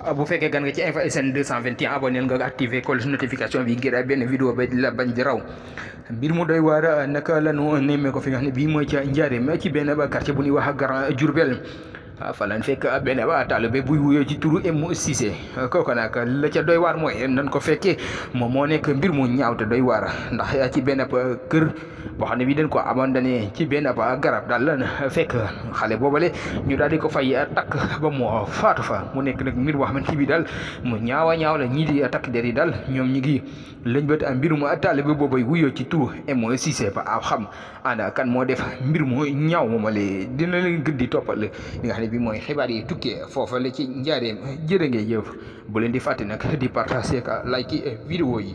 Ah, bu fekkee gan nga ci info SN 221 abonné nga activé cloche notification bi ngir benn vidéo ba la bañ di raw mbir mu doy waar naka lanu nemmee ko fi nga xam ne bii mooy ca njaareem ci benn quartier bu ñuy wax a Grand Diourbel Ah, fa lañ fekk ah, benn waa taalibe buy wuyoo ci turu Emu Cissé kooku nag la a doy waar mooy nan ko fekkee moom moo nekk mbir moo ñaaw te waar ndax ci benn kër boo xam ne bi dañ ko abandonné ci benn garab daal lan fekk xale boobale ñu daal di ko fay takk ba mu faatu fa mu nekk nag mbir boo xamante bi daal mu ñaawa ñaaw la ñii di takk der yi daal ñoom ñi ngi lañ bët mbirum taalibe boobay wuyoo ci turu Emu Cissé ba ah, xam ana kan moo def mbir mu ñaaw moomale dina leen gën di toppal li xam ñaari bi mooy xibaar yi tukkee foofa la ci njaareem jërë ngeen jëf bu leen di fàtte nag di partager ak yi